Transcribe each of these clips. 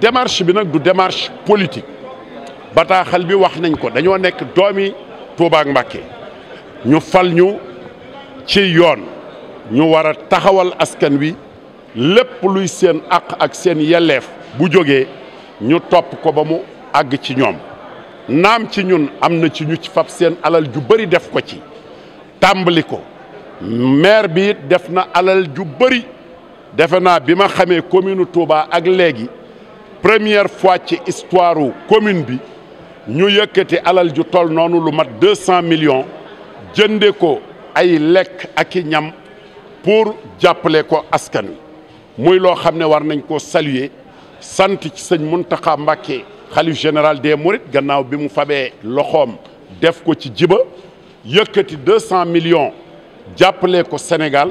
démarche bi nag du démarche politique bataaxal bi wax nañ ko dañoo nekk doomi Touba ak ñu fal ñu ci yoon ñu war a taxawal askan wi lépp luy seen àq ak seen yeleef bu jógee ñu topp ko ba mu àgg ci ñoom naam ci ñun am na ci ñu ci fab seen alal ju bëri def ko ci tàmbali ko maire bi it def na alal ju bëri defe naa bi ma xamee commune Touba ak léegi première fois ci histoire commune bi ñu yëkkati alal ju toll noonu lu mat deux cent millions jënde ko ay lekk ak i ñam pour jàppale ko askani muy loo xam ne war nañ koo saluer sant ci sëñ Muntaxa Mbàkke xalif général de Mourides gannaaw bi mu fabee loxoom def ko ci jiba yëkkati deux cent millions jàppale ko Sénégal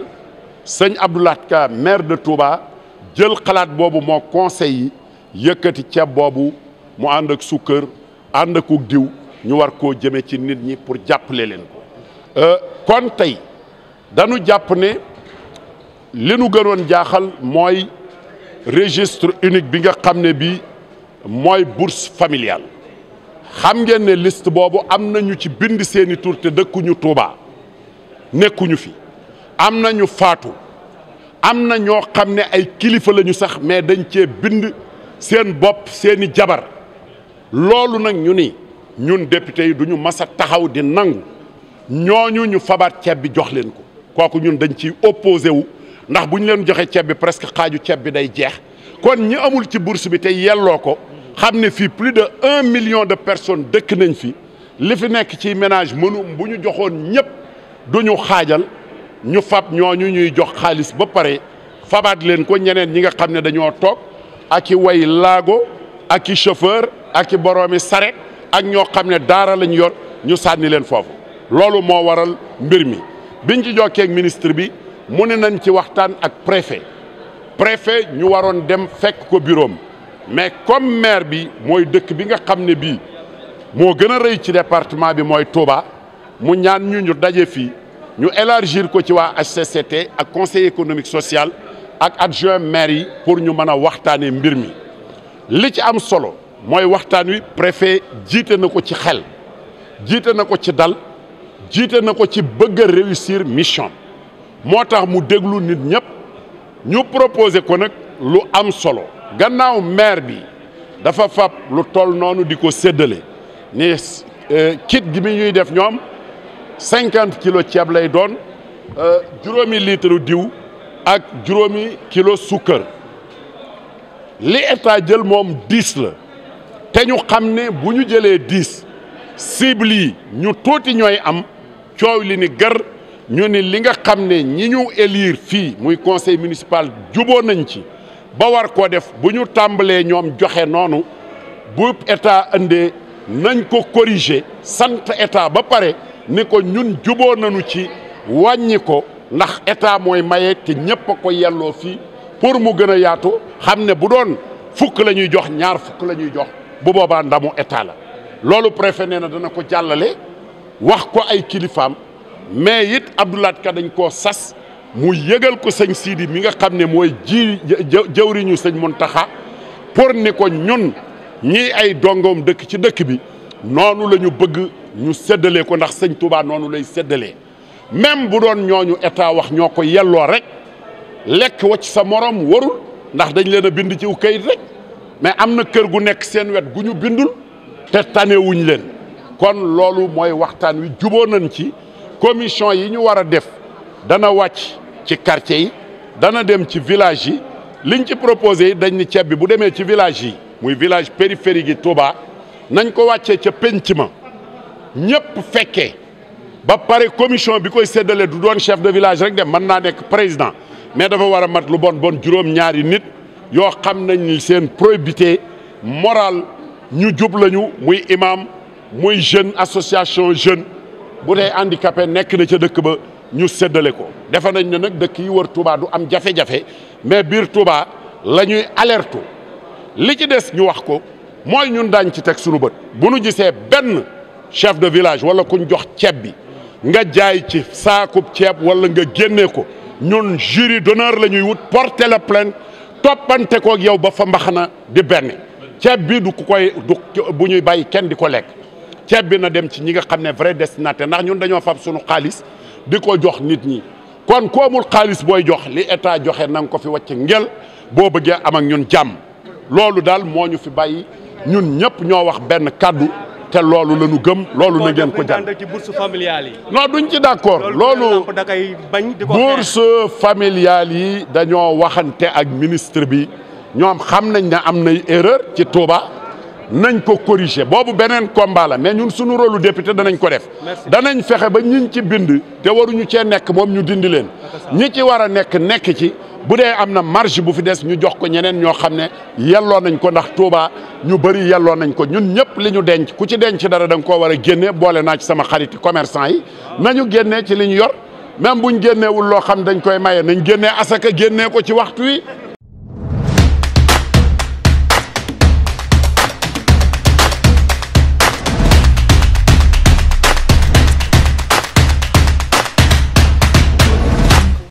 sëñ Abdou Lahad Ka maire de Touba jël xalaat boobu moo conseil yi yëkkati ceeb boobu mu àndak ak sukkër ànd ak diw ñu war koo jëme ci nit ñi pour jàppale leen ko euh, kon tey dañu jàpp ne li nu gënoon jaaxal mooy registre unique bi nga xam ne bi mooy bourse familiale xam ngeen ne liste boobu am nañu ci bind seeni tur te dëkkuñu Touba nekkuñu fi am nañu faatu am na ñoo xam ne ay kilifa lañu sax mais dañ cee bind seen bopp seeni jabar loolu nag ñu ni ñun député yi du ñu mas a taxaw di nangu ñooñu ñu fabaat ceeb bi jox leen ko kooku ñun dañ ciy opposé wu ndax bu ñu leen joxee ceeb bi presque xaaju ceeb bi day jeex kon ñi amul ci bourse bi te yelloo ko xam ne fii plus de un million de personne dëkk nañ fi li fi nekk ci ménage mënu bu ñu joxoon ñëpp du ñu xaajal ñu fab ñooñu ñuy jox xaalis ba pare fabaat leen ko ñeneen ñi nga xam ne dañoo toog ak i way laago ak i chauffeur ak i boroomi sare ak ñoo xam ne daara lañ yor ñu sànni leen foofu loolu moo waral mbir mi biñ ci jokkeeg ministre bi mu ne nañ ci waxtaan ak préfet préfet ñu waroon dem fekk ko bureau mais comme maire bi mooy dëkk bi nga xam ne bii moo gën a rëy ci département bi mooy Touba mu ñaan ñu ñu daje fii ñu élargir ko ci waa HCCT ak conseil économique social ak adjoint maire yi pour ñu mën a waxtaanee mbir mi li ci am solo mooy waxtaan wi préfet jiite na ko ci xel jiite na ko ci dal jiite na ko ci bëgg a mission moo tax mu déglu nit ñëpp ñu proposé ko nag lu am solo gannaaw maire bi dafa fab lu toll noonu di ko séddale ni euh, kit gi mi ñuy def ñoom cinquante kilos ceeb lay doon euh, juróomi litre diw ak juróomi kilo sukkër li état jël moom dix la te ñu xam ne bu ñu jëlee dix cible yi ñu tuuti ñooy am coow li ni gër ñu ni li nga xam ne ñi ñu éliir fii muy conseil municipal juboo nañ ci ba war koo def bu ñu tàmbalee ñoom joxe noonu bu état indee nañ ko corriger sant état ba pare ni ko ñun juboo nañu ci wàññi ndax état mooy maye te ñëpp ko yelloo fii pour mu gën a yaatu xam ne bu doon fukk la ñuy jox ñaar fukk la ñuy jox bu boobaa ndamu état la loolu préfet nee na dana ko jàllale wax ko ay kilifaam mais it Abdoulaat Ka dañ koo sas mu yëgal ko sëñ Sidi mi nga xam ne mooy ji jëwriñu sëñ Muntaxa pour ni ko ñun ñii ay dongoom dëkk ci dëkk bi noonu la ñu bëgg ñu séddalee ko ndax sëñ Touba noonu lay séddalee même bu doon ñooñu état wax ñoo ko yelloo rek lekk wacc sa morom warul ndax dañ leen a bind ci u kayit rek mais am na kër gu nekk seen wet gu ñu bindul te tanewuñ leen kon loolu mooy waxtaan wi juboo nañ ci commission yi ñu war a def dana wàcc ci quartier yi dana dem ci village yi liñ ci proposé yi dañ ni ceeb bi bu demee ci village yi muy village périphérique gi Touba nañ ko wàccee ca penc ma ñëpp fekkee ba pare commission bi koy séddale du doon chef de village rek dem mën naa nekk président mais dafa war a mat lu bon bon juróom-ñaari nit yoo xam nañ ni seen probité morale ñu jub lañu muy imam muy jeune association jeune bu dee handicapé nekk na ca dëkk ba ñu séddale ko. defe nañ ne nag dëkk yi wër Touba du am jafe-jafe mais biir Touba la ñuy alertu li ci des ñu wax ko mooy ñun daañ ci teg sunu bët bu nu gisee benn chef de village wala kuñ jox ceeb bi. nga jaay ci saakub ceeb wala nga génnee ko ñun jury d'honneur la ñuy wut porter la plainte toppante koog yow ba fa mbaxana di benn ceeb bi du ku koy bu ñuy bàyyi kenn di ko lekk ceeb bi na dem ci ñi nga xam ne vrai destinataire ndax ñun dañoo fab suñu xaalis di ko jox nit ñi kon ku xaalis booy jox li état joxe na ko fi wàcc ngel boo bëggee am ak ñun jàmm loolu daal moo ñu fi bay ñun ñëpp ñoo wax benn kàddu te loolu la ñu gëm loolu na ngeen ko jàng ci bourse familiale yi non duñ ci d'accord loolu bourse familiale yi dañoo waxante ak ministre bi ñoom xam nañ ne am nay erreur ci Touba nañ ko corriger boobu beneen combat la mais ñun suñu rôlu député danañ ko def danañ fexe ba ñiñ ci bind te waruñu cee nekk moom ñu dindi leen ñi ci war a nekk nekk ci bu dee am na marge bu fi des ñu jox ko ñeneen ñoo xam ne yelloo nañ ko ndax Touba ñu bëri yelloo nañ ko ñun ñëpp li ñu denc ku ci denc dara da nga koo war a génne boole naa ci sama xariti commerçant yi nañu génnee ci li ñu yor même ñu génneewul loo xam dañ koy maye nañ génnee asaka génnee ko ci waxtu wi